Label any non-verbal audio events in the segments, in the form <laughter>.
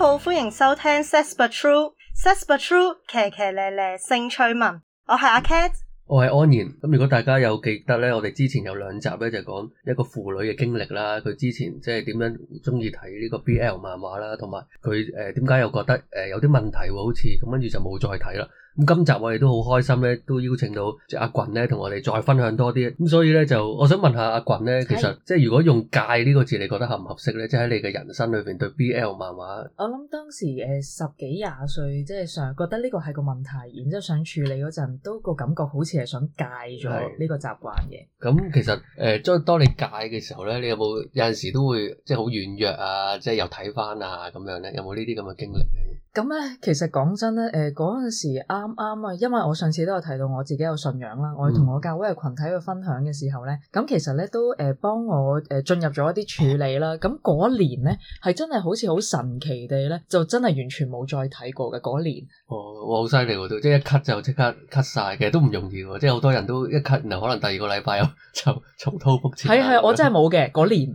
好，歡迎收聽 Sex But True Sex But True 騎騎咧咧性趣文，我係阿 Cat，我係安然。咁如果大家有記得咧，我哋之前有兩集咧，就講一個婦女嘅經歷啦。佢之前即係點樣中意睇呢個 BL 漫畫啦，同埋佢誒點解又覺得誒有啲問題好似，咁跟住就冇再睇啦。咁今集我哋都好開心咧，都邀請到即阿群咧，同我哋再分享多啲。咁所以咧，就我想問下阿群咧，其實的即係如果用戒呢個字，你覺得合唔合適咧？即係喺你嘅人生裏邊對 BL 漫畫，我諗當時誒、呃、十幾廿歲，即係想覺得呢個係個問題，然之後想處理嗰陣，都個感覺好似係想戒咗呢個習慣嘅。咁其實誒，即、呃、係當你戒嘅時候咧，你有冇有陣時都會即係好軟弱啊？即係又睇翻啊咁樣咧？有冇呢啲咁嘅經歷咧？咁咧，嗯、其實講真咧，誒嗰陣時啱啱啊，因為我上次都有提到我自己有信仰啦，我同我教會嘅群體去分享嘅時候咧，咁其實咧都誒幫我誒進入咗一啲處理啦。咁嗰一年咧係真係好似好神奇地咧，就真係完全冇再睇過嘅嗰一年哦。哦，我好犀利都，即係一咳就即刻咳晒嘅，都唔容易，即係好多人都一咳，然後可能第二個禮拜就重蹈覆轍。係係，我真係冇嘅嗰年，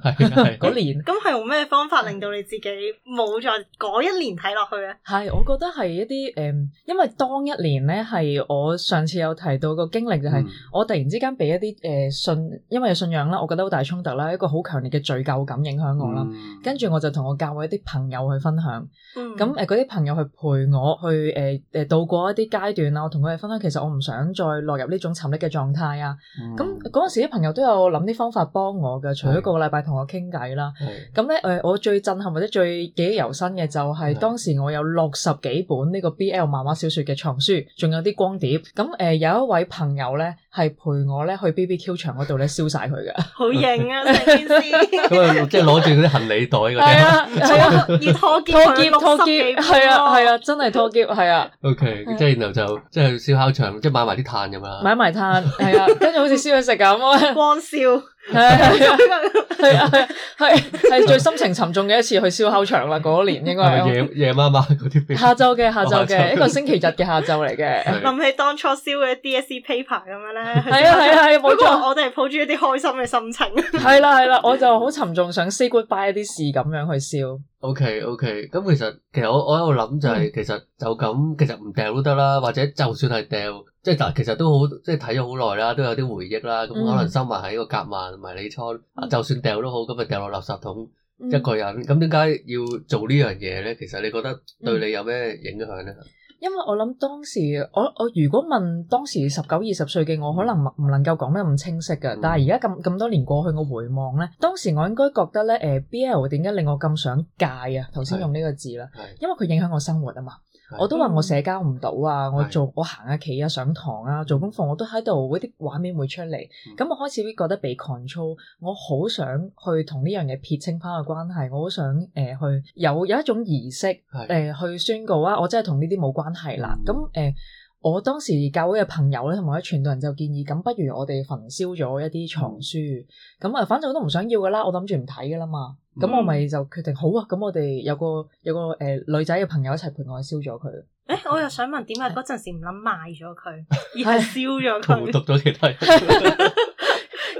嗰 <laughs> 年。咁係用咩方法令到你自己冇再嗰一年睇落去咧？係，我覺得係一啲誒，因為當一年咧，係我上次有提到個經歷就係，我突然之間俾一啲誒信，因為有信仰啦，我覺得好大衝突啦，一個好強烈嘅罪疚感影響我啦。跟住我就同我教會一啲朋友去分享，咁誒，嗰啲朋友去陪我去誒誒，度過一啲階段啦。我同佢哋分享，其實我唔想再落入呢種沉溺嘅狀態啊。咁嗰陣時啲朋友都有諗啲方法幫我㗎，除咗個禮拜同我傾偈啦。咁咧誒，我最震撼或者最記憶猶新嘅就係當時我有。六十幾本呢個 B L 漫畫小說嘅藏書，仲有啲光碟。咁誒、呃，有一位朋友咧係陪我咧去 B B Q 場嗰度咧燒晒佢嘅，好型啊！成件事， <laughs> <laughs> 即係攞住啲行李袋，啲。係啊，啊 <laughs> 要拖劫，拖，劫啊拖劫，拖劫，啊啊、拖劫，係啊，係 <laughs> okay, 啊，真係拖劫，係啊。O K，即係然後就即係去燒烤場，即係買埋啲炭咁樣，買埋炭，係啊，跟住好似燒嘢食咁， <laughs> 光燒。係係係啊係係係，最心情沉重嘅一次去燒烤場啦，嗰 <laughs> 年應該 <laughs> 係夜夜媽媽嗰啲。下晝嘅下晝嘅一個星期日嘅下晝嚟嘅。諗 <laughs> 起當初燒嘅 DSE paper 咁樣咧，係 <laughs> 啊係啊係啊冇錯。 <laughs> 我哋係抱住一啲開心嘅心情。係啦係啦，我就好沉重想 say goodbye 一啲事咁樣去燒。O K O K，咁其實其實我我喺度諗就係、是嗯、其實就咁其實唔掉都得啦，或者就算係掉，即係其實都好，即係睇咗好耐啦，都有啲回憶啦，咁可能收埋喺個夾萬迷你倉，嗯、就算掉都好，咁咪掉落垃圾桶一個人，咁點解要做樣呢樣嘢咧？其實你覺得對你有咩影響咧？因為我諗當時我我如果問當時十九二十歲嘅我可能唔能夠講得咁清晰嘅，但係而家咁咁多年過去，我回望咧，當時我應該覺得咧，誒，BL 點解令我咁想戒啊？頭先用呢個字啦，因為佢影響我生活啊嘛。 <noise> 我都話我社交唔到啊！我做我行下企啊，上堂啊，做功課，我都喺度嗰啲畫面會出嚟。咁、嗯、我開始會覺得被 control，我好想去同呢樣嘢撇清翻個關係。我好想誒、呃、去有有一種儀式誒、呃、去宣告啊！我真係同呢啲冇關係啦。咁誒、嗯呃，我當時教會嘅朋友咧，同埋啲傳道人就建議，咁不如我哋焚燒咗一啲藏書。咁啊、嗯，反正我都唔想要噶啦，我諗住唔睇噶啦嘛。咁我咪就決定、嗯、好啊！咁我哋有個有個誒、呃、女仔嘅朋友一齊陪我燒咗佢。誒、欸，我又想問點解嗰陣時唔諗賣咗佢，的而係燒咗佢？讀咗其他。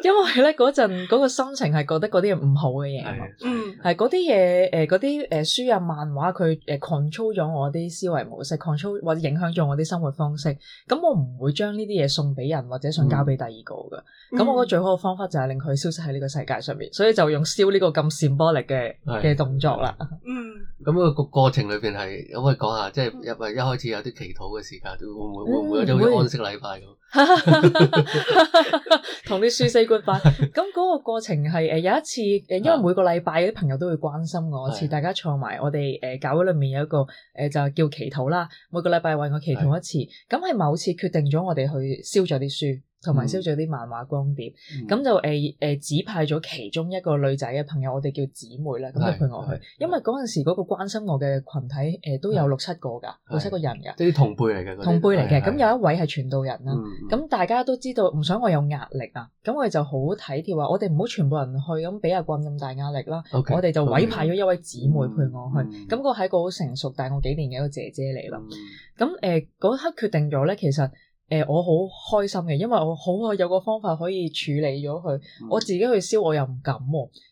因為咧嗰陣嗰個心情係覺得嗰啲唔好嘅嘢，係嗰啲嘢，誒嗰啲誒書啊、漫畫，佢誒 control 咗我啲思維模式，control 或者影響咗我啲生活方式。咁我唔會將呢啲嘢送俾人或者想交俾第二個嘅。咁 <noise> 我覺得最好嘅方法就係令佢消失喺呢個世界上面，所以就用燒呢個咁 symbolic 嘅嘅動作啦。 <noise> 咁個過過程裏邊係可唔可以講下，即係入啊一開始有啲祈禱嘅時間，會唔會、嗯、會唔會有啲安息禮拜咁？同啲書死官化。咁嗰個過程係誒有一次誒，因為每個禮拜啲朋友都會關心我，次的大家坐埋，我哋誒教會裏面有一個誒就叫祈禱啦，每個禮拜為我祈禱一次。咁係某次決定咗我哋去燒咗啲書。同埋燒咗啲漫畫光碟，咁就誒誒指派咗其中一個女仔嘅朋友，我哋叫姊妹啦，咁就陪我去。因為嗰陣時嗰個關心我嘅群體誒都有六七個㗎，六七個人㗎，即係同輩嚟嘅。同輩嚟嘅，咁有一位係傳道人啦。咁大家都知道，唔想我有壓力啊，咁我哋就好體貼話，我哋唔好全部人去，咁俾阿君咁大壓力啦。我哋就委派咗一位姊妹陪我去。咁個係一個好成熟大我幾年嘅一個姐姐嚟啦。咁誒嗰刻決定咗咧，其實。誒，我好開心嘅，因為我好啊，有個方法可以處理咗佢，嗯、我自己去燒我又唔敢，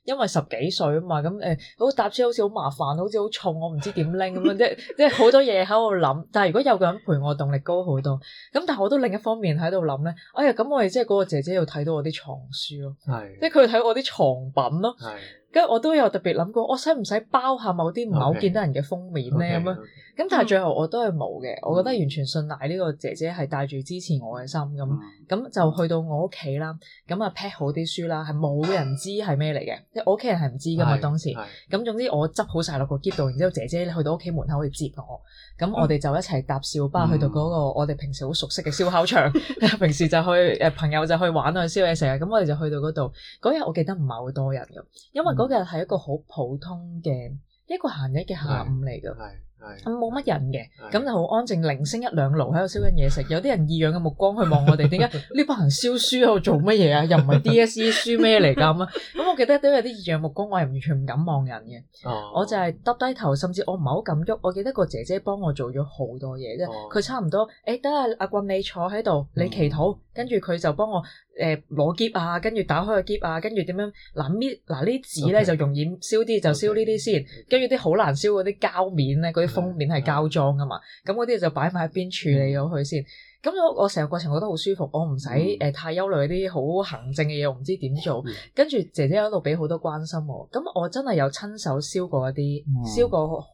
因為十幾歲啊嘛，咁、嗯、誒，好搭車好似好麻煩，好似好重，我唔知點拎咁樣，即係即係好多嘢喺度諗。但係如果有個人陪我，動力高好多。咁，但係我都另一方面喺度諗咧，哎呀，咁我哋即係嗰個姐姐要睇到我啲藏書咯，是的 即係佢睇我啲藏品咯。咁我都有特別諗過，我使唔使包下某啲唔係好見得人嘅封面咧咁樣？咁、okay, okay , okay. 但係最後我都係冇嘅，我覺得完全信賴呢個姐姐係帶住支持我嘅心咁，咁、mm hmm. 就去到我屋企啦，咁啊 pack 好啲書啦，係冇人知係咩嚟嘅， <laughs> 即我屋企人係唔知㗎嘛 <laughs> 當時。咁、 <laughs> 嗯、總之我執好晒落個喼度，然之後姐姐去到屋企門口嚟接我，咁我哋就一齊搭小巴去到嗰個我哋平時好熟悉嘅燒烤場， <laughs> <laughs> 平時就去誒朋友就去玩啊燒嘢食啊，咁我哋就去到嗰度。嗰日 <laughs> 我記得唔係好多人嘅，因為 <laughs> 嗰日係一個好普通嘅一個閒日嘅下午嚟噶，係冇乜人嘅，咁就好安靜，零星一兩爐喺度燒緊嘢食，有啲人異樣嘅目光去望我哋，點解呢班人燒書喺度做乜嘢啊？又唔係 DSE 書咩嚟噶？咁啊，咁我記得都有啲異樣目光，我係完全唔敢望人嘅，哦、我就係耷低頭，甚至我唔係好敢喐。我記得個姐姐幫我做咗好多嘢，即佢、哦、差唔多，誒、欸，等下阿君你坐喺度，你祈禱，嗯、跟住佢就幫我。誒攞夾啊，跟住打開個夾啊，跟住點樣嗱搣嗱呢啲紙咧就容易燒啲，就燒呢啲先。跟住啲好難燒嗰啲膠面咧，嗰啲封面係膠裝噶嘛，咁嗰啲就擺埋一邊處理咗佢先。咁我成個過程覺得好舒服，我唔使誒太憂慮啲好行政嘅嘢，我唔知點做。跟住姐姐喺度俾好多關心我，咁我真係有親手燒過一啲，燒過。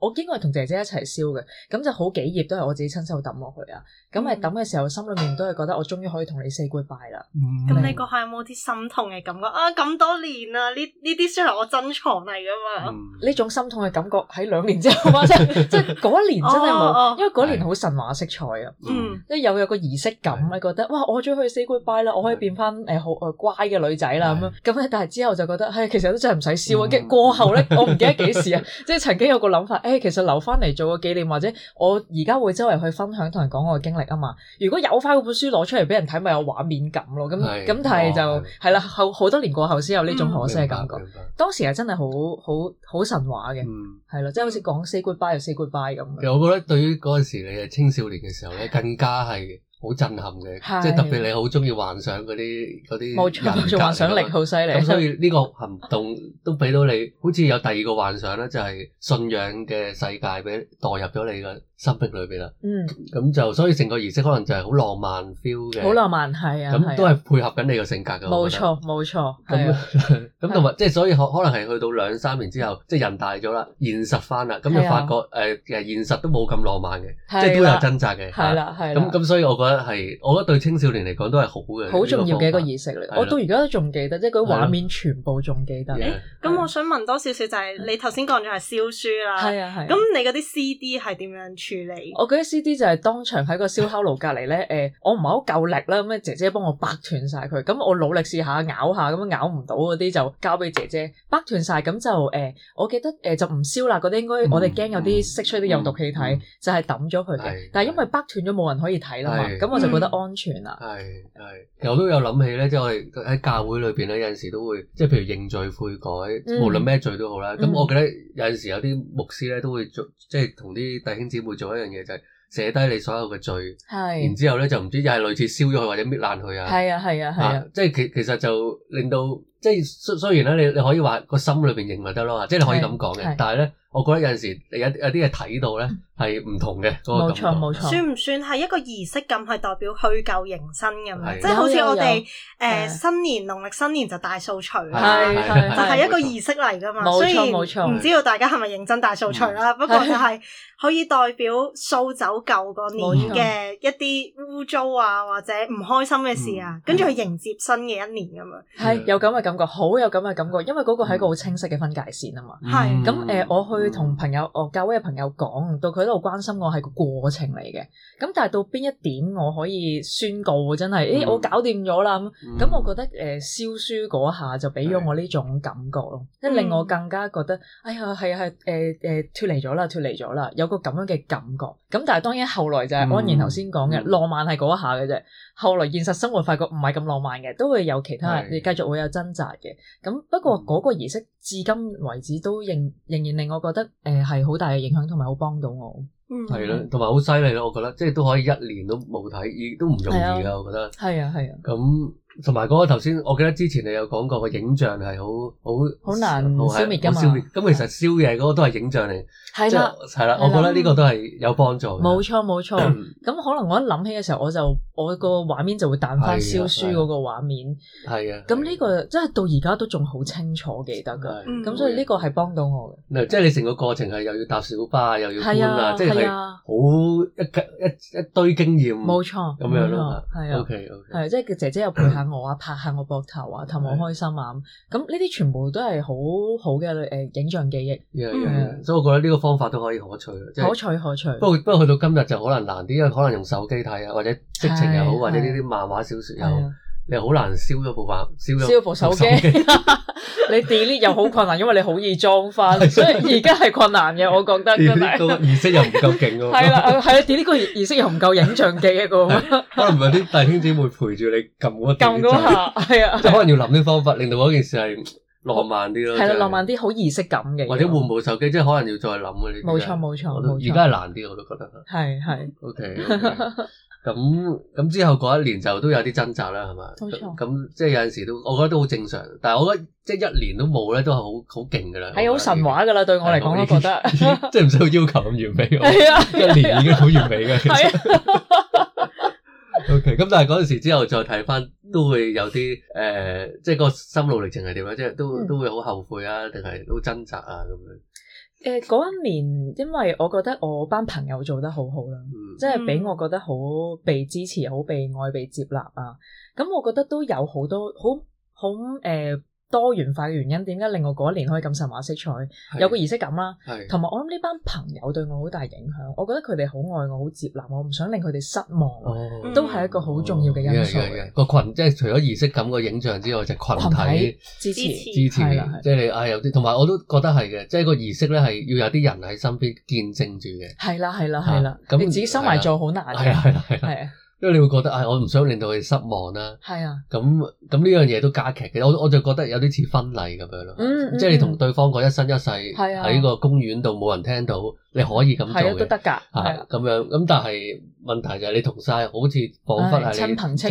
我經過同姐姐一齊燒嘅，咁就好幾頁都係我自己親手抌落去啊。咁係抌嘅時候，心裏面都係覺得我終於可以同你 say goodbye 啦。咁你嗰下有冇啲心痛嘅感覺啊？咁多年啊，呢呢啲書係我珍藏嚟噶嘛？呢種心痛嘅感覺喺兩年之後，即係嗰一年真係冇，因為嗰年好神話色彩啊，即係有有個儀式感，覺得哇，我終於 say goodbye 啦，我可以變翻誒好誒乖嘅女仔啦咁咁咧，但係之後就覺得係其實都真係唔使燒嘅。過後咧，我唔記得幾時啊，即係曾經有個諗法。Hey, 其實留翻嚟做個紀念，或者我而家會周圍去分享，同人講我嘅經歷啊嘛。如果有翻嗰本書攞出嚟俾人睇，咪有畫面感咯。咁咁，的但係就係啦，哦，後好多年過後先有呢種可惜嘅感覺。嗯、當時係真係好好好神話嘅，係咯，嗯，即係好似講 say goodbye 又 say goodbye 咁。其實我覺得對於嗰陣時你係青少年嘅時候咧，更加係。好震撼嘅，即係特別你好中意幻想嗰啲嗰啲，冇錯，幻想力好犀利。咁所以呢個行動都俾到你，好似有第二個幻想咧，就係信仰嘅世界俾代入咗你嘅心壁裏邊啦。嗯，咁就所以成個儀式可能就係好浪漫 feel 嘅，好浪漫係啊。咁都係配合緊你個性格嘅。冇錯冇錯。咁咁同埋即係所以可能係去到兩三年之後，即係人大咗啦，現實翻啦，咁就發覺誒誒現實都冇咁浪漫嘅，即係都有掙扎嘅。係啦，係咁咁所以我覺得。係，我覺得對青少年嚟講都係好嘅，好重要嘅一個儀式嚟。我到而家都仲記得，即係佢畫面全部仲記得。咁我想問多少少就係你頭先講咗係燒書啦，係啊係。咁你嗰啲 CD 係點樣處理？我啲 CD 就係當場喺個燒烤爐隔籬咧，誒，我唔係好夠力啦，咁姐姐幫我掰斷晒佢。咁我努力試下咬下，咁樣咬唔到嗰啲就交俾姐姐掰斷晒。咁就誒，我記得誒就唔燒啦，嗰啲應該我哋驚有啲釋出啲有毒氣體，就係抌咗佢嘅。但係因為掰斷咗冇人可以睇啦嘛。咁我就覺得安全啦。係係，嗯，其實我都有諗起咧，即係我哋喺教會裏邊咧，有陣時都會即係譬如認罪悔改，嗯、無論咩罪都好啦。咁我記得有陣時有啲牧師咧都會做，即係同啲弟兄姊妹做一樣嘢，就係，是，寫低你所有嘅罪，是然之後咧就唔知又係類似燒咗佢或者搣爛佢啊。係啊係啊係啊，啊，啊，即係其其實就令到即係雖然咧，你你可以話個心裏邊認咪得咯，即係你可以咁講嘅。但係咧，我覺得有陣時有有啲嘢睇到咧。係唔同嘅，冇錯冇錯，算唔算係一個儀式感？係代表去舊迎新咁樣？即係好似我哋誒新年，農曆新年就大掃除啦，就係一個儀式嚟㗎嘛。所以，冇錯，唔知道大家係咪認真大掃除啦？不過就係可以代表掃走舊個年嘅一啲污糟啊，或者唔開心嘅事啊，跟住去迎接新嘅一年咁樣。係有咁嘅感覺，好有咁嘅感覺，因為嗰個係一個好清晰嘅分界線啊嘛。係咁誒，我去同朋友，我教會嘅朋友講，到佢。喺度關心我係個過程嚟嘅，咁但係到邊一點我可以宣告我真係，誒、嗯欸、我搞掂咗啦。咁、嗯，咁我覺得誒燒、呃、書嗰下就俾咗我呢種感覺咯，即係、嗯、令我更加覺得，哎呀係係誒誒脫離咗啦，脫離咗啦，有個咁樣嘅感覺。咁但係當然後來就係安然頭先講嘅，嗯、浪漫係嗰一下嘅啫。後來現實生活發覺唔係咁浪漫嘅，都會有其他人，你繼是續會有掙扎嘅。咁不過嗰個儀式至今為止都仍仍然令我覺得誒係好大嘅影響，同埋好幫到我。嗯，係咯，同埋好犀利咯，我覺得即係都可以一年都冇睇，亦都唔容易噶，我覺得。係啊，係啊。咁。同埋嗰個頭先，我記得之前你有講過個影像係好好好難消滅噶嘛？咁其實燒嘢嗰個都係影像嚟，係啦，係啦。我覺得呢個都係有幫助。冇錯冇錯。咁可能我一諗起嘅時候，我就我個畫面就會彈翻燒書嗰個畫面。係啊。咁呢個即係到而家都仲好清楚記得㗎。咁所以呢個係幫到我嘅。即係你成個過程係又要搭小巴，又要搬啊，即係好一一一堆經驗。冇錯，咁樣咯，係啊。O K O K，即係姐姐有配合，我啊拍下我膊頭啊，氹我開心啊，咁呢啲全部都係好好嘅誒影像記憶。Yeah, yeah, 嗯、所以我覺得呢個方法都可以可取。可、就、取、是、可取。可取。不過不過去到今日就可能難啲，因為可能用手機睇啊，或者色情又好，的或者呢啲漫畫小說又好。你好難燒咗部白，燒咗部手機，你 delete 又好困難，因為你好易裝翻，所以而家係困難嘅，我覺得。delete 都儀式又唔夠勁喎。係啦，係啊 delete 個儀式又唔夠影像記憶喎。可能唔係啲大兄姊妹陪住你撳嗰撳下，係啊，即係可能要諗啲方法，令到嗰件事係浪漫啲咯。係啦，浪漫啲，好儀式感嘅。或者換部手機，即係可能要再諗嘅。冇錯，冇錯，而家係難啲，我都覺得。係係。OK。咁咁之後嗰一年就都有啲掙扎啦，係嘛？咁錯即係有陣時都，我覺得都好正常。但係我覺得即係一年都冇咧，都係好好勁㗎喇。係好是神話㗎喇，對我嚟講，我覺得我 <laughs> 即係唔使要求咁完美。係啊， <laughs> 一年已經好完美㗎。 <laughs> <laughs> OK，咁但係嗰陣時之後再睇返，都會有啲誒、呃，即係個心路歷程係點樣？即係都、嗯、都會好後悔啊，定係都掙扎啊咁樣。誒嗰、呃、一年，因為我覺得我班朋友做得好好啦，嗯、即係俾我覺得好被支持、好被愛、被接納啊！咁我覺得都有好多好好誒，多元化嘅原因，點解令我嗰年可以咁神話色彩，有個儀式感啦，同埋是我諗呢班朋友對我好大影響，我覺得佢哋好愛我，好接納我，唔想令佢哋失望，哦、都係一個好重要嘅因素。嗯哦這個群即係除咗儀式感嘅影像之外，就群體支持，支、呃、持，即係你啊有啲，同埋我都覺得係嘅，即係個儀式咧係要有啲人喺身邊見證住嘅。係啦，係啦，係啦，那你自己收埋做好難。係啊、就是，係啦，因為你會覺得，哎、我唔想令到佢哋失望啦。咁咁呢、啊、樣嘢都加劇嘅。我我就覺得有啲似婚禮咁樣咯，即係、嗯嗯、你同對方講一生一世，喺、啊、個公園度冇人聽到。你可以咁做嘅，係都得噶，啊咁樣。咁但係問題就係你同晒好似彷彿係你親朋戚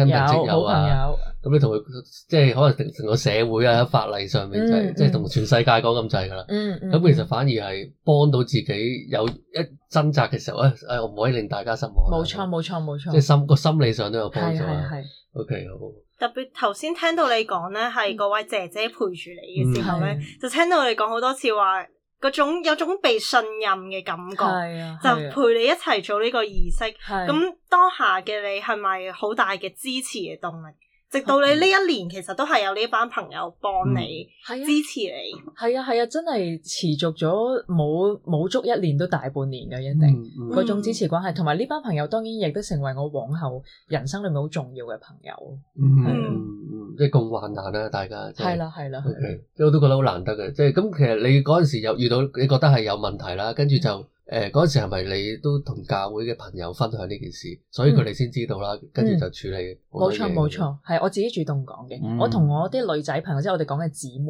友啊，咁你同佢即係可能成個社會啊，喺法例上面就係即係同全世界講咁滯噶啦。咁其實反而係幫到自己有一掙扎嘅時候，唉唉，我唔可以令大家失望。冇錯冇錯冇錯，即係心個心理上都有幫助。係 OK 好。特別頭先聽到你講咧，係嗰位姐姐陪住你嘅時候咧，就聽到你講好多次話。嗰種有種被信任嘅感覺，啊、就陪你一齊做呢個儀式。咁、啊、當下嘅你係咪好大嘅支持嘅動力？直到你呢一年，其實都係有呢班朋友幫你，嗯、支持你。係啊，係啊，真係持續咗冇冇足一年都大半年嘅一定嗰、嗯嗯、種支持關係，同埋呢班朋友當然亦都成為我往後人生裏面好重要嘅朋友。嗯嗯嗯，即係咁、啊嗯、患難啦、啊，大家。係啦、啊，係啦、啊。O K，即係我都覺得好難得嘅，即係咁其實你嗰陣時有遇到你覺得係有問題啦，跟住就。誒，嗰陣時係咪你都同教會嘅朋友分享呢件事，所以佢哋先知道啦，跟住、嗯、就處理。冇錯冇錯，係我自己主動講嘅。嗯、我同我啲女仔朋友，即係我哋講嘅姊妹，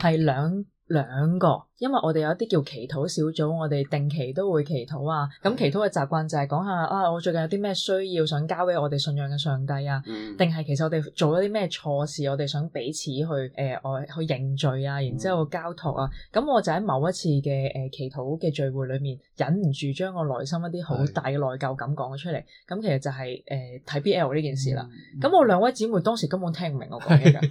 係、嗯、兩。兩個，因為我哋有一啲叫祈禱小組，我哋定期都會祈禱啊。咁祈禱嘅習慣就係講下啊，我最近有啲咩需要想交俾我哋信仰嘅上帝啊，定係其實我哋做咗啲咩錯事，我哋想彼此去誒，我去認罪啊，然之後交託啊。咁我就喺某一次嘅誒祈禱嘅聚會裏面，忍唔住將我內心一啲好大嘅內疚感講咗出嚟。咁其實就係誒睇 BL 呢件事啦。咁我兩位姊妹當時根本聽唔明我講嘢㗎，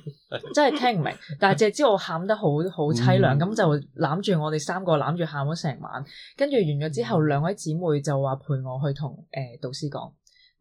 真係聽唔明。但係只係知我喊得好好凄涼。咁就攬住我哋三個攬住喊咗成晚，跟住完咗之後，兩位姊妹就話陪我去同誒導師講，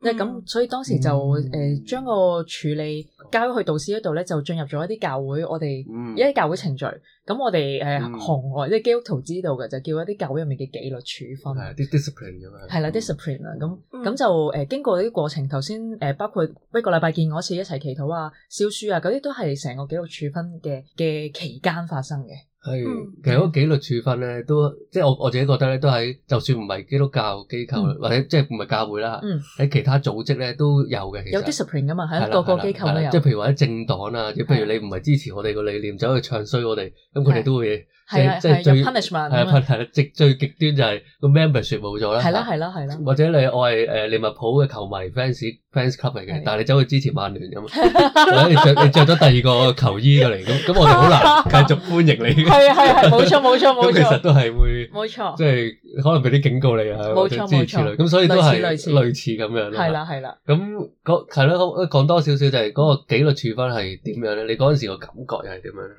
即係咁，所以當時就誒將個處理交咗去導師嗰度咧，就進入咗一啲教會，我哋一啲教會程序。咁我哋誒行外即係基督徒知道嘅，就叫一啲教會入面嘅紀律處分，啲 discipline 咁啊，係啦，discipline 啦，咁咁就誒經過啲過程，頭先誒包括一個禮拜見我一次，一齊祈禱啊、燒書啊，嗰啲都係成個紀律處分嘅嘅期間發生嘅。係，嗯、其實嗰紀律處分咧，都即係我我自己覺得咧，都喺就算唔係基督教機構，嗯、或者即係唔係教會啦，喺、嗯、其他組織咧都有嘅。其實有啲 discipline 噶嘛，喺的各個機構都有。即係譬如話喺政黨啊，即係的譬如你唔係支持我哋個理念，走去唱衰我哋，咁佢哋都會。即係最，係係，即最極端就係個 membership 冇咗啦。係啦係啦係啦。或者你我係誒利物浦嘅球迷 fans fans club 嚟嘅，但係你走去支持曼聯咁啊？你着你着咗第二個球衣過嚟，咁咁我哋好難繼續歡迎你。係係係，冇錯冇錯冇錯。其實都係會，冇錯，即係可能俾啲警告你啊，冇錯冇錯。咁所以都係類似咁樣。係啦係啦。咁嗰係咯，講多少少就係嗰個紀律處分係點樣咧？你嗰陣時個感覺又係點樣咧？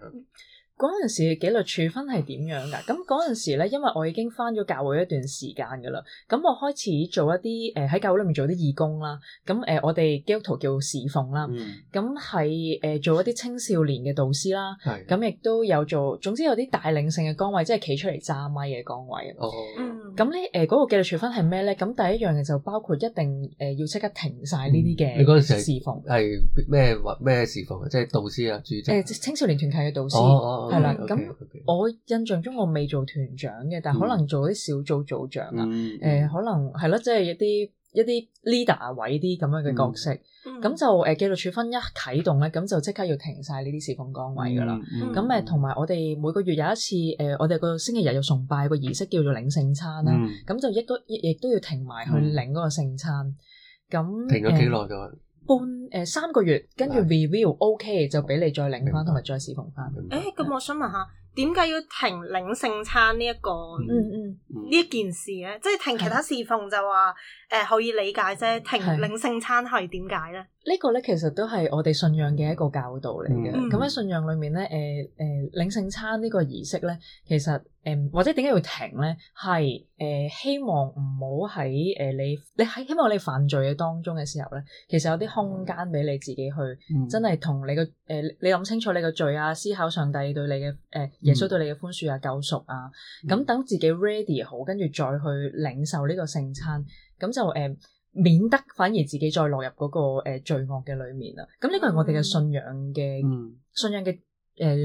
嗰陣時紀律處分係點樣噶？咁嗰陣時咧，因為我已經翻咗教會一段時間噶啦，咁我開始做一啲誒喺教會裏面做啲義工啦。咁、啊、誒、呃，我哋基督徒叫侍奉啦。咁係誒做一啲青少年嘅導師啦。咁、啊、亦都有做，總之有啲帶領性嘅崗位，即係企出嚟揸咪嘅崗位。咁咧誒嗰個紀律處分係咩咧？咁第一樣嘅就包括一定誒要即刻停晒呢啲嘅。你嗰陣時侍奉係咩咩侍奉？即係導師啊，主職、啊、青少年團契嘅導師。啊哦哦哦哦哦。係啦，咁我印象中我未做團長嘅，但可能做啲小組組長啊，誒、嗯呃、可能係咯，即係一啲一啲 leader 位啲咁樣嘅角色，咁、嗯、就誒、呃、紀律處分一啟動咧，咁就即刻要停晒呢啲事奉崗位噶啦，咁誒同埋我哋每個月有一次誒、呃，我哋個星期日要崇拜個儀式叫做領聖餐啦，咁、嗯啊、就亦都亦都要停埋去領嗰個聖餐，咁、嗯呃、停咗幾耐噶？半誒、呃、三個月跟住 review 的 OK 就俾你再領翻同埋再侍奉翻。誒咁我想問下，點解要停領聖餐呢、這、一個？嗯嗯，呢一、嗯、件事咧，即係停其他侍奉就話誒的、呃、可以理解啫，停領聖餐係點解咧？呢個咧其實都係我哋信仰嘅一個教導嚟嘅。咁喺、嗯、信仰裏面咧，誒、呃、誒、呃、領聖餐個儀呢個儀式咧，其實誒、呃、或者點解要停咧？係誒、呃、希望唔好喺誒你你喺希望你犯罪嘅當中嘅時候咧，其實有啲空間俾你自己去、嗯、真係同你嘅誒、呃、你諗清楚你嘅罪啊，思考上帝對你嘅誒、呃、耶穌對你嘅寬恕啊、救贖啊，咁、嗯嗯、等自己 ready 好，跟住再去領受呢個聖餐。咁就誒。呃免得反而自己再落入嗰、那個、呃、罪惡嘅裡面啊！咁呢個係我哋嘅信仰嘅、嗯、信仰嘅誒、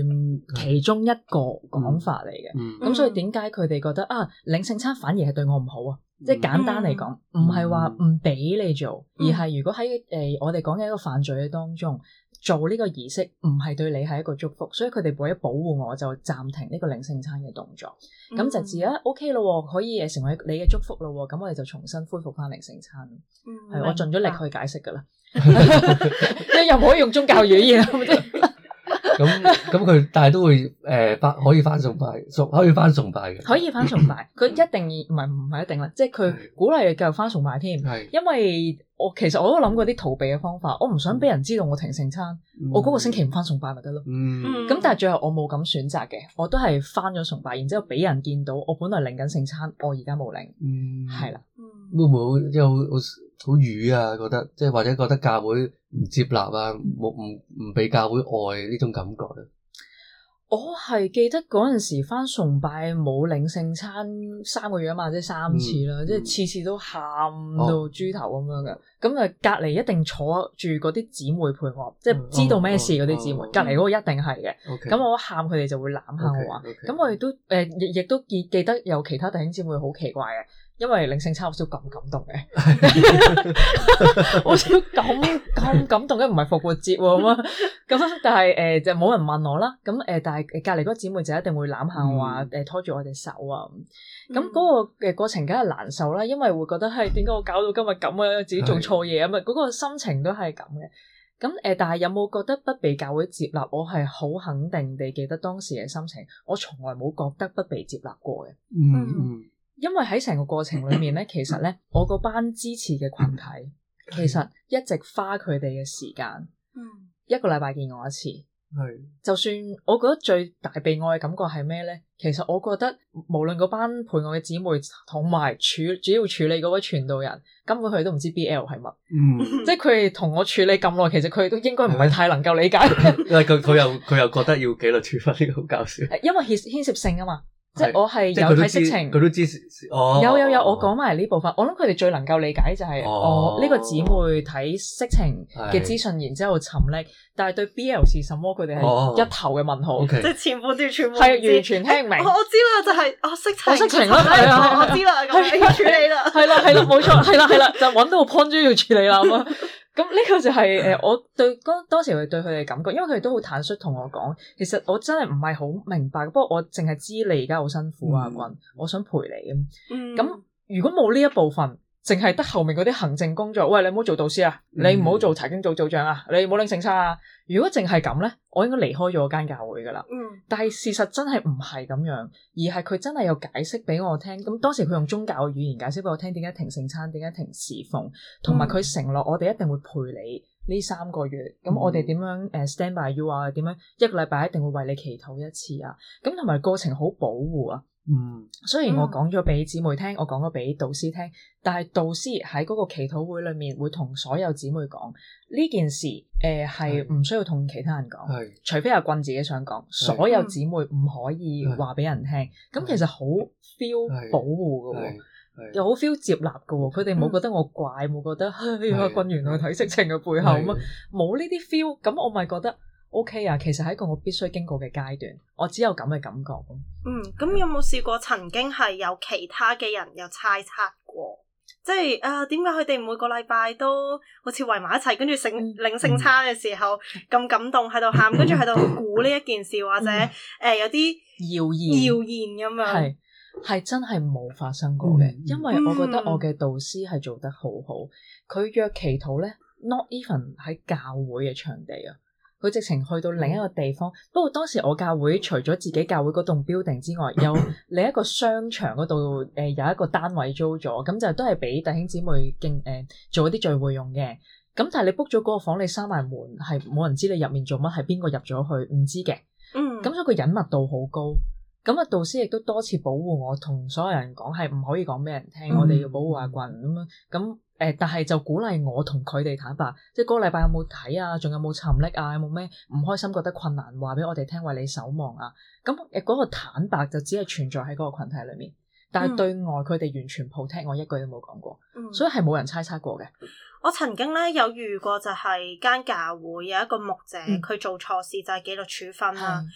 嗯、其中一個講法嚟嘅。咁、嗯嗯、所以點解佢哋覺得啊，領聖餐反而係對我唔好啊？即係簡單嚟講，唔係話唔俾你做，而係如果喺誒、呃、我哋講嘅一個犯罪嘅當中。做呢個儀式唔係對你係一個祝福，所以佢哋為咗保護我，就暫停呢個靈性餐嘅動作。咁就自啊、嗯、OK 咯，可以嘢，成為你嘅祝福咯。咁我哋就重新恢復翻靈性餐。係我盡咗力去解釋噶啦，即係又唔可以用宗教語言。咪咁咁佢但係都會誒、翻、呃、可以翻崇拜，可可以翻崇拜嘅， <laughs> 可以翻崇拜。佢一定唔係唔係一定啦，即係佢鼓勵繼續翻崇拜添，係 <laughs> <laughs> 因為。我其實我都諗過啲逃避嘅方法，我唔想俾人知道我停聖餐，嗯、我嗰個星期唔翻崇拜咪得咯。咁、嗯、但係最後我冇咁選擇嘅，我都係翻咗崇拜，然之後俾人見到我本來領緊聖餐，我而家冇領，係啦、嗯。了會唔會即係、嗯、好好好瘀啊？覺得即係或者覺得教會唔接納啊，冇唔唔俾教會愛呢種感覺咧？我係記得嗰陣時返崇拜冇領聖餐三個月啊嘛，即係三次啦，嗯、即係次次都喊到豬頭咁樣嘅。咁啊隔離一定坐住嗰啲姊妹陪我，哦、即係知道咩事嗰啲、哦、姊妹，隔離嗰個一定係嘅。咁、嗯、我一喊佢哋就會攬下我。咁、哦 okay, okay，我都、呃、亦都誒亦亦都記記得有其他弟兄姊妹好奇怪嘅。因為靈性差，我少咁感動嘅。 <laughs> <laughs> 我少咁咁 <laughs> 感動嘅，唔係復活節喎，咁。 <laughs> 但係誒、呃、就冇人問我啦。咁誒，但係隔離嗰啲姊妹就一定會攬下我，話拖住我隻手啊。咁嗰、嗯、個嘅過程梗係難受啦，因為會覺得係點解我搞到今日咁啊？自己做錯嘢啊嘛。嗰是個心情都係咁嘅。咁誒，但係、呃、有冇覺得不被教會接納？我係好肯定地記得當時嘅心情，我從來冇覺得不被接納過嘅。嗯。嗯。因為喺成個過程裏面咧，其實咧，我個班支持嘅群體， <laughs> 其實一直花佢哋嘅時間，嗯， <laughs> 一個禮拜見我一次，係， <laughs> 是的 就算我覺得最大悲哀嘅感覺係咩咧？其實我覺得無論個班陪我嘅姊妹，同埋處主要處理嗰位傳道人，根本佢都唔知 B L 係乜，嗯， <laughs> 即係佢哋同我處理咁耐，其實佢哋都應該唔係太能夠理解， <laughs> <laughs> 因為佢佢又佢又覺得要紀律處分呢個好搞笑， <laughs> <laughs> <laughs> 因為牽涉性啊嘛。即係我係有睇色情，佢都知。有有有，我講埋呢部分，我諗佢哋最能夠理解就係，我呢個姊妹睇色情嘅資訊，然之後沉溺，但係對 BL 是什麼，佢哋係一頭嘅問號。即係前半段全部係完全聽唔明。我知啦，就係啊色情。啊色情啦，係我知啦，咁要處理啦。係啦係啦，冇錯，係啦係啦，就揾到個 point 要處理啦咁。咁呢個就係、是、誒、呃，我對嗰當時對佢哋感覺。因為佢哋都好坦率同我講，其實我真係唔係好明白，不過我淨係知你而家好辛苦啊，君、嗯，我想陪你咁。咁、嗯、如果冇呢一部分。淨係得後面嗰啲行政工作，喂，你唔好做導師啊，嗯、你唔好做財經組組長啊，你唔好領聖餐啊。如果淨係咁呢，我應該離開咗嗰間教會噶啦。嗯、但係事實真係唔係咁樣，而係佢真係有解釋俾我聽。咁當時佢用宗教嘅語言解釋俾我聽，點解停聖餐，點解停侍奉，同埋佢承諾我哋一定會陪你呢三個月。咁我哋點樣 stand by you、嗯、啊？點樣一個禮拜一定會為你祈禱一次啊？咁同埋過程好保護啊。嗯，雖然我講咗俾姊妹聽，我講咗俾導師聽，但係導師喺嗰個祈禱會裏面會同所有姊妹講呢件事，誒係唔需要同其他人講，是除非阿君自己想講，所有姊妹唔可以話俾是人聽。咁其實好 feel 保護嘅，又好 feel 接納嘅，佢哋冇覺得我怪，冇覺得阿君原來睇色情嘅背後啊嘛，冇呢啲 feel，咁我咪覺得。O K 啊，okay，其實係一個我必須經過嘅階段，我只有咁嘅感覺。嗯，咁有冇試過曾經係有其他嘅人有猜測過？即係啊，點解佢哋每個禮拜都好似圍埋一齊，跟住領領聖餐嘅時候咁感動喺度喊，跟住喺度估呢一件事，嗯、或者誒、呃、有啲謠言謠言咁樣？係係真係冇發生過嘅，嗯、因為我覺得我嘅導師係做得好好，佢約、嗯嗯、祈禱咧，not even 喺教會嘅場地啊。佢直情去到另一個地方，不過當時我教會除咗自己教會嗰棟 building 之外，有另一個商場嗰度，誒、呃、有一個單位租咗，咁就都係俾弟兄姊妹敬誒、呃、做一啲聚會用嘅。咁但係你 book 咗嗰個房，你閂埋門，係冇人知你入面做乜，係邊個入咗去唔知嘅。嗯，咁所以佢隱密度好高。咁啊，導師亦都多次保護我，同所有人講係唔可以講俾人聽，嗯、我哋要保護阿羣咁樣。咁、嗯、誒，但係就鼓勵我同佢哋坦白，即係嗰個禮拜有冇睇啊？仲有冇沉溺啊？有冇咩唔開心、覺得困難話俾我哋聽，為你守望啊？咁誒，嗰個坦白就只係存在喺嗰個羣體裏面，但係對外佢哋完全普聽，我一句都冇講過，嗯、所以係冇人猜測過嘅。我曾經咧有遇過就係間教會有一個牧者佢、嗯、做錯事就係記錄處分啦。的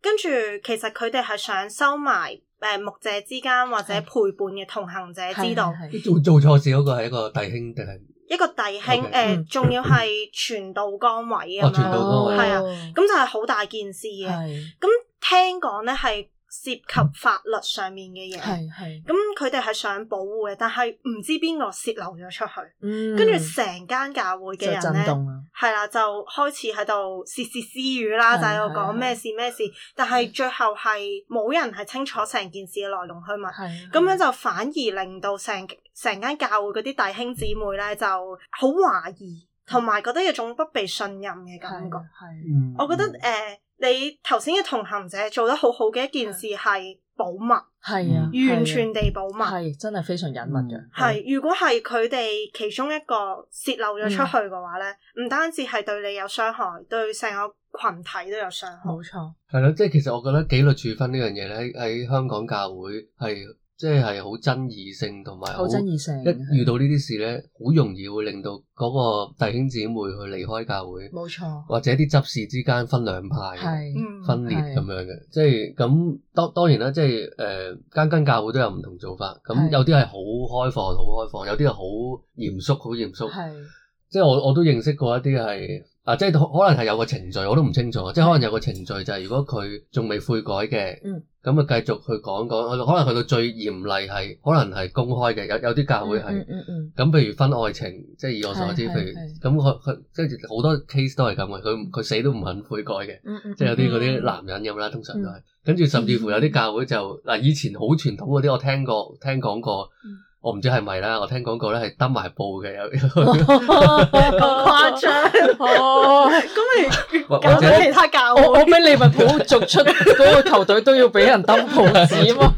跟住，其實佢哋係想收埋誒，牧、呃、者之間或者陪伴嘅同行者知道。做做錯事嗰個係一個弟兄定係一個弟兄？誒，仲要係傳道崗位咁樣。係啊、哦，咁、哦、就係好大件事嘅。咁的聽講咧係。涉及法律上面嘅嘢，係係咁佢哋係想保護嘅，但係唔知邊個洩漏咗出去，跟住成間教會嘅人咧、嗯，係啦、啊、就開始喺度竊竊私語啦，嗯、就喺度講咩事咩事，但係最後係冇人係清楚成件事嘅來龍去脈，咁樣就反而令到成成間教會嗰啲弟兄姊妹咧就好懷疑，同埋覺得有種不被信任嘅感覺。係、嗯，嗯、我覺得誒。欸你頭先嘅同行者做得好好嘅一件事係保密，係啊，完全地保密，係真係非常隱密嘅。係、啊啊、如果係佢哋其中一個泄漏咗出去嘅話咧，唔、嗯、單止係對你有傷害，對成個群體都有傷害。冇錯、嗯，係咯錯、啊，即係其實我覺得紀律處分呢樣嘢咧，喺香港教會係。即係好爭議性，同埋好爭議性。一遇到呢啲事呢，好容易會令到嗰個弟兄姊妹去離開教會，冇錯。或者啲執事之間分兩派，係分裂咁樣嘅。即係咁，當當然啦，即係誒，間間教會都有唔同做法。咁有啲係好開放，好開放；有啲係好嚴肅，好嚴肅。係，即係我我都認識過一啲係。啊，即係可能係有個程序，我都唔清楚。即係可能有個程序就係，如果佢仲未悔改嘅，咁啊、嗯、繼續去講講。可能去到最嚴厲係，可能係公開嘅。有有啲教會係，咁、嗯嗯嗯、譬如分愛情，即係以我所知，嗯嗯嗯、譬如咁佢佢即係好多 case 都係咁嘅。佢佢死都唔肯悔改嘅，嗯嗯、即係有啲嗰啲男人咁啦，通常都係。嗯嗯嗯、跟住甚至乎有啲教會就嗱，以前好傳統嗰啲，我聽過聽講過。我唔知係咪啦，我聽講過咧係登埋報嘅，有咁誇張哦。咁咪、哦、搞咗者其他教會？我我俾利物浦逐出嗰個球隊都要俾人登報紙嘛？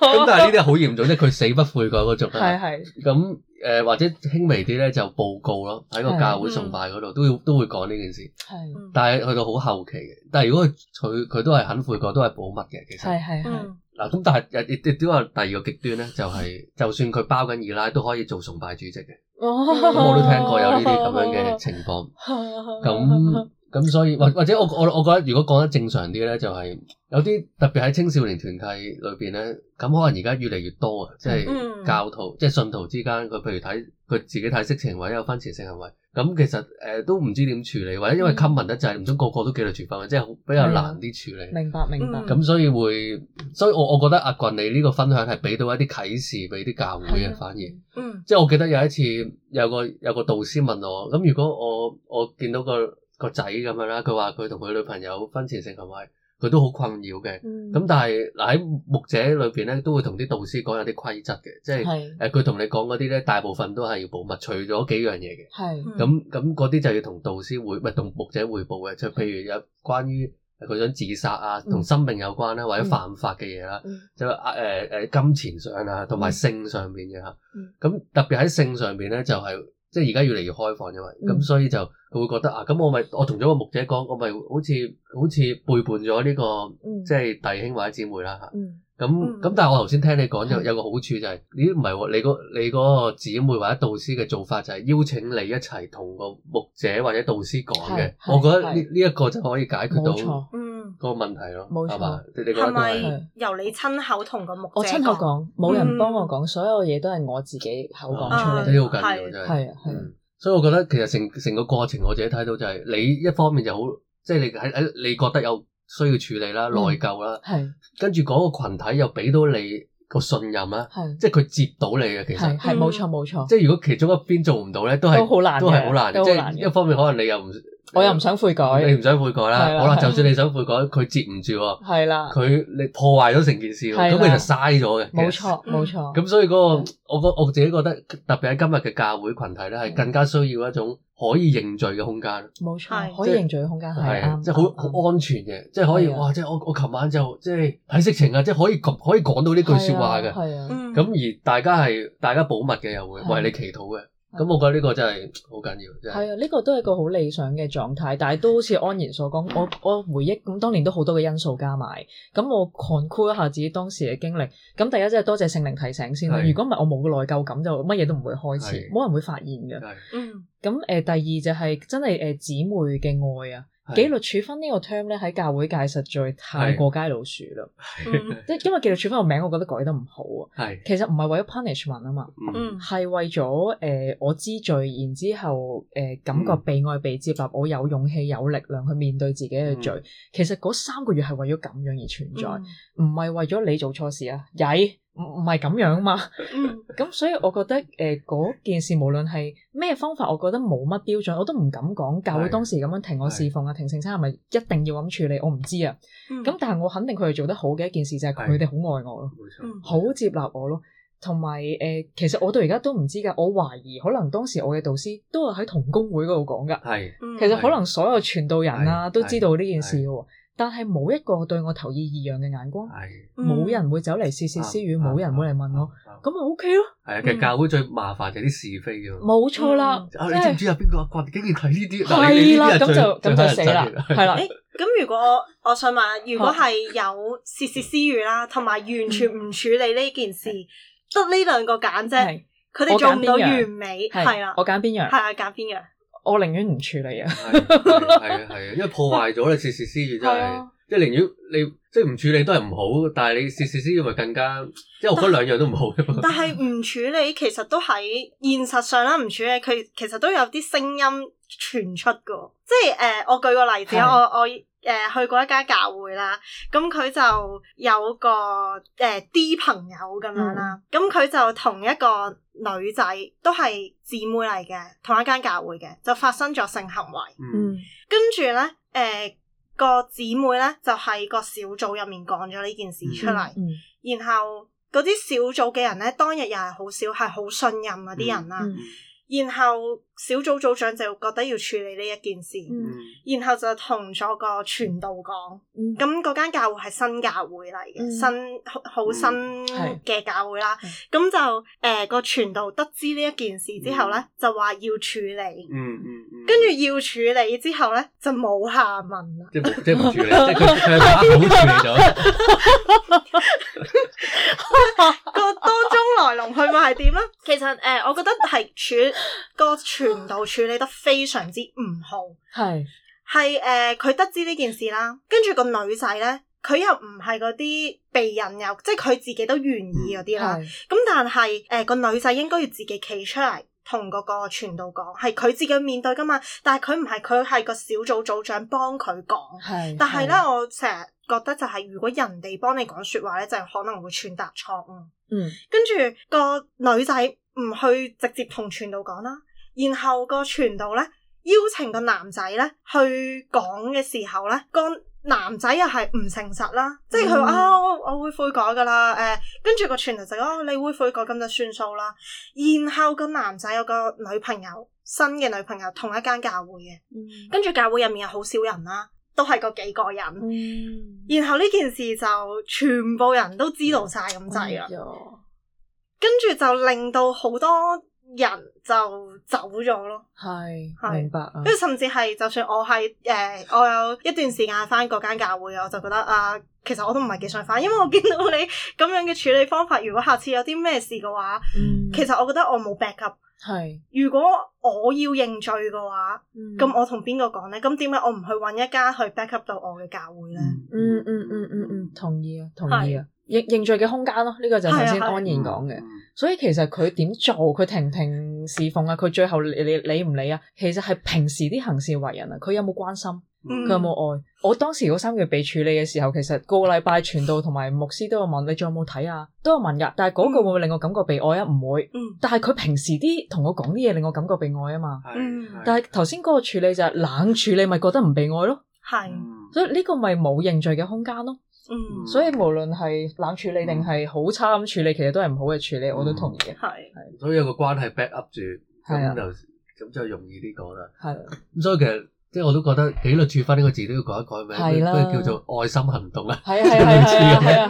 咁 <laughs> 但係呢啲好嚴重，即係佢死不悔改嗰種。係係是是。咁、呃、誒，或者輕微啲咧就報告咯，喺個教會崇拜嗰度是是 都要都會講呢件事。係是是。但係去到好後期，但係如果佢佢都係肯悔改，都係保密嘅，其實。係係。嗱咁、啊，但係亦亦亦點話第二個極端咧？就係、是、 <laughs> 就算佢包緊二奶，都可以做崇拜主席嘅。咁 <laughs> 我都聽過有呢啲咁樣嘅情況。咁咁， <laughs> <laughs> 所以或或者我我我覺得，如果講得正常啲咧，就係、是、有啲特別喺青少年團契裏邊咧，咁可能而家越嚟越多啊！即、就、係、是、教徒，即係 <laughs> 信徒之間，佢譬如睇佢自己睇色情或者有婚前性行為。咁其實誒、呃、都唔知點處理，或者因為禁文得滯，唔通、嗯、個個都記得住摺，即係比較難啲處理。明白、嗯、明白。咁、嗯、所以會，所以我我覺得阿棍你呢個分享係俾到一啲啟示俾啲教會嘅，嗯、反而，嗯、即係我記得有一次有一個有個導師問我，咁如果我我見到個個仔咁樣啦，佢話佢同佢女朋友婚前性行為。佢都好困擾嘅，咁但係嗱，喺牧者裏邊咧，都會同啲導師講有啲規則嘅，即係誒，佢同你講嗰啲咧，大部分都係要保密，除咗幾樣嘢嘅，係咁，咁嗰啲就要同導師會唔係同牧者匯報嘅，就譬如有關於佢想自殺啊，同生命有關咧，或者犯法嘅嘢啦，就誒誒金錢上啊，同埋性上面嘅吓，咁特別喺性上邊咧就係。即係而家越嚟越開放，因為咁所以就佢會覺得、嗯、啊，咁我咪我同咗個牧者講，我咪好似好似背叛咗呢、這個、嗯、即係弟兄或者姊妹啦吓。咁咁但係我頭先聽你講、嗯、有有個好處就係、是，咦，唔係喎，你嗰你嗰個，個姊妹或者導師嘅做法就係邀請你一齊同個牧者或者導師講嘅。我覺得呢呢一個就可以解決到。嗯嗯嗯嗯嗯嗯嗯嗯個問題咯，係嘛？係咪由你親口同個牧者講？我親口講，冇人幫我講，所有嘢都係我自己口講出嚟。你好緊要就係，所以我覺得其實成成個過程我自己睇到就係，你一方面就好，即係你喺喺，你覺得有需要處理啦、內疚啦，係跟住嗰個群體又俾到你個信任啦，係即係佢接到你嘅，其實係冇錯冇錯。即係如果其中一邊做唔到咧，都係都係好難，即係一方面可能你又唔。我又唔想悔改，你唔想悔改啦。好啦，就算你想悔改，佢接唔住我。係啦，佢你破壞咗成件事，咁你就嘥咗嘅。冇錯，冇錯。咁所以嗰個，我覺我自己覺得，特別喺今日嘅教會群體咧，係更加需要一種可以認罪嘅空間。冇錯，可以認罪嘅空間係啊，即係好安全嘅，即係可以哇！即係我我琴晚就即係睇色情啊，即係可以講可以講到呢句說話嘅。係啊，咁而大家係大家保密嘅又會為你祈禱嘅。咁 <noise> 我覺得呢個真係好緊要，係啊，呢、這個都係一個好理想嘅狀態，但係都好似安然所講，我我回憶咁當年都好多嘅因素加埋，咁我回顧一下自己當時嘅經歷，咁第一真係多謝聖靈提醒先，如果唔係我冇個內疚感就乜嘢都唔會開始，冇是人會發現嘅，咁誒是、呃、第二就係、是、真係誒姊妹嘅愛啊。紀是律處分呢個 term 咧喺教會界實在太過街老鼠啦，即係是 <laughs> 因為紀律處分個名，我覺得改得唔好啊。是其實唔係為咗 punishment 啊嘛，係、嗯、為咗誒、呃、我知罪，然之後誒、呃、感覺被愛被接納，嗯、我有勇氣有力量去面對自己嘅罪。嗯、其實嗰三個月係為咗咁樣而存在，唔係、嗯、為咗你做錯事啊，曳。唔唔係咁樣嘛，咁所以我覺得誒嗰件事無論係咩方法，我覺得冇乜標準，我都唔敢講。教會當時咁樣停我侍奉啊，停聖餐係咪一定要咁處理？我唔知啊。咁但係我肯定佢哋做得好嘅一件事就係佢哋好愛我咯，好接納我咯，同埋誒其實我到而家都唔知㗎。我懷疑可能當時我嘅導師都係喺同工會嗰度講㗎。係，其實可能所有傳道人啊都知道呢件事嘅喎。但係冇一個對我投以異樣嘅眼光，冇人會走嚟竊竊私語，冇人會嚟問我，咁咪 O K 咯。係啊，其實教會最麻煩就啲是非嘅，冇錯啦。啊，你知唔知啊？有邊個啊？竟然睇呢啲，係啦，咁就咁就死啦，係啦。誒，咁如果我想問，如果係有竊竊私語啦，同埋完全唔處理呢件事，得呢兩個揀啫，佢哋做唔到完美，係啦。我揀邊樣？係啊，揀邊樣？我寧願唔處理啊， <laughs> 係啊，係啊，因為破壞咗你設事思語真係，即係寧願你即係唔處理都係唔好，但係你設事思語咪更加，即係我覺得兩樣都唔好，但係是唔 <laughs> 處理其實都喺現實上啦，唔處理佢其實都有啲聲音傳出嘅，即係誒、呃，我舉個例子，我的我。我誒去過一間教會啦，咁佢就有個誒、呃、D 朋友咁樣啦，咁佢、mm. 就同一個女仔都係姊妹嚟嘅，同一間教會嘅，就發生咗性行為。嗯，mm. 跟住呢，誒個姊妹呢，就喺個小組入面講咗呢件事出嚟，mm. 然後嗰啲小組嘅人呢，當日又係好少，係好信任嗰啲人啦。Mm. Mm. 然後小組組長就覺得要處理呢一件事，um. 然後就同咗個傳道講，咁嗰間教會係新教會嚟嘅，um. 新好好新嘅教會啦。咁 Okay. Okay. 就誒、呃、個傳道得知呢一件事之後咧，um. 就話要處理，嗯嗯，跟住要處理之後咧就冇下文啦，即係即係唔處理，即係佢聽話冇處理咗。哈哈哈哈哈來龍去脈係點啦？ <laughs> 其實誒、呃，我覺得係處個傳道處理得非常之唔好。係係誒，佢、呃、得知呢件事啦，跟住個女仔咧，佢又唔係嗰啲被人又，即係佢自己都願意嗰啲啦。咁是、嗯、但係誒，個、呃、女仔應該要自己企出嚟，同嗰個傳道講，係佢自己面對噶嘛。但係佢唔係，佢係個小組組長幫佢講。係是，但係咧，是我成日覺得就係，如果人哋幫你講說話咧，就可能會傳達錯誤。嗯，跟住、個女仔唔去直接同傳道講啦，然後個傳道咧邀請個男仔咧去講嘅時候咧，個男仔又係唔誠實啦，即係佢話啊我，我會悔改噶啦，誒、呃，跟住、個傳道就話哦，你會悔改咁就算數啦，然後個男仔有個女朋友，新嘅女朋友同一間教會嘅，嗯、跟住教會入面有好少人啦。都係嗰幾個人，嗯、然後呢件事就全部人都知道晒咁滯啦，跟住、嗯、就令到好多人就走咗咯。係、嗯、是明白，跟住甚至係就算我係誒、呃，我有一段時間翻嗰間教會我就覺得啊、呃，其實我都唔係幾想翻，因為我見到你咁樣嘅處理方法，如果下次有啲咩事嘅話，嗯、其實我覺得我冇 backup。係，是 如果我要認罪嘅話，咁、嗯、我同邊個講咧？咁點解我唔去揾一家去 back up 到我嘅教會咧、嗯？嗯嗯嗯嗯嗯同，同意啊，同意啊，認認罪嘅空間咯，呢、這個就係頭先安然講嘅。是是是，所以其實佢點做？佢停停侍奉啊？佢最後理理理唔理啊？其實係平時啲行事為人啊，佢有冇關心？佢有冇愛？我當時嗰三個月被處理嘅時候，其實個個禮拜傳道同埋牧師都有問你，仲有冇睇啊？都有問噶，但係嗰個會唔會令我感覺被愛啊？唔會。但係佢平時啲同我講啲嘢，令我感覺被愛啊嘛。但係頭先嗰個處理就係冷處理，咪覺得唔被愛咯。係。所以呢個咪冇認罪嘅空間咯。所以無論係冷處理定係好差咁處理，其實都係唔好嘅處理，我都同意。係。係。所以有個關係 back up 住，咁就咁就容易啲講啦。係。所以其實。即係我都覺得紀律處分呢個字都要改一改名，咩叫做愛心行動啊？係係係係啊，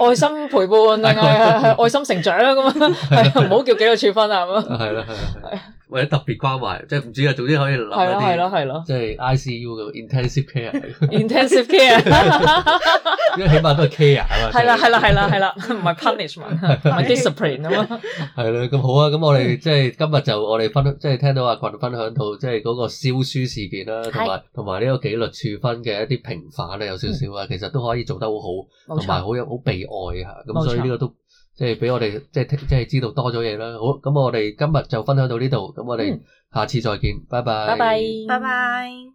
愛心陪伴啊，係啊係愛心成長咁啊，係啊，唔好叫紀律處分啊，係嘛？係啦係啦係啊。或者特別關懷，即係唔知啊，總之可以留一啲，即係、啊啊啊、ICU 嘅 intensive care，intensive care， <laughs> <laughs> 因為起碼都係 care 啊嘛。係啦、 <laughs> 啊，係啦、啊，係啦、啊，係啦、啊，唔係 punishment，係 discipline 啊嘛。係啦，咁好啊，咁我哋即係今日就我哋分，即係聽到阿群分享到，即係嗰個燒書事件啦、啊，同埋同埋呢個紀律處分嘅一啲平反咧，有少少啊，嗯、其實都可以做得好好，同埋好有好被愛啊，咁所以呢個都。即係畀我哋，即係即係知道多咗嘢啦。好，咁我哋今日就分享到呢度。咁我哋下次再見，嗯、拜拜，拜拜，拜拜。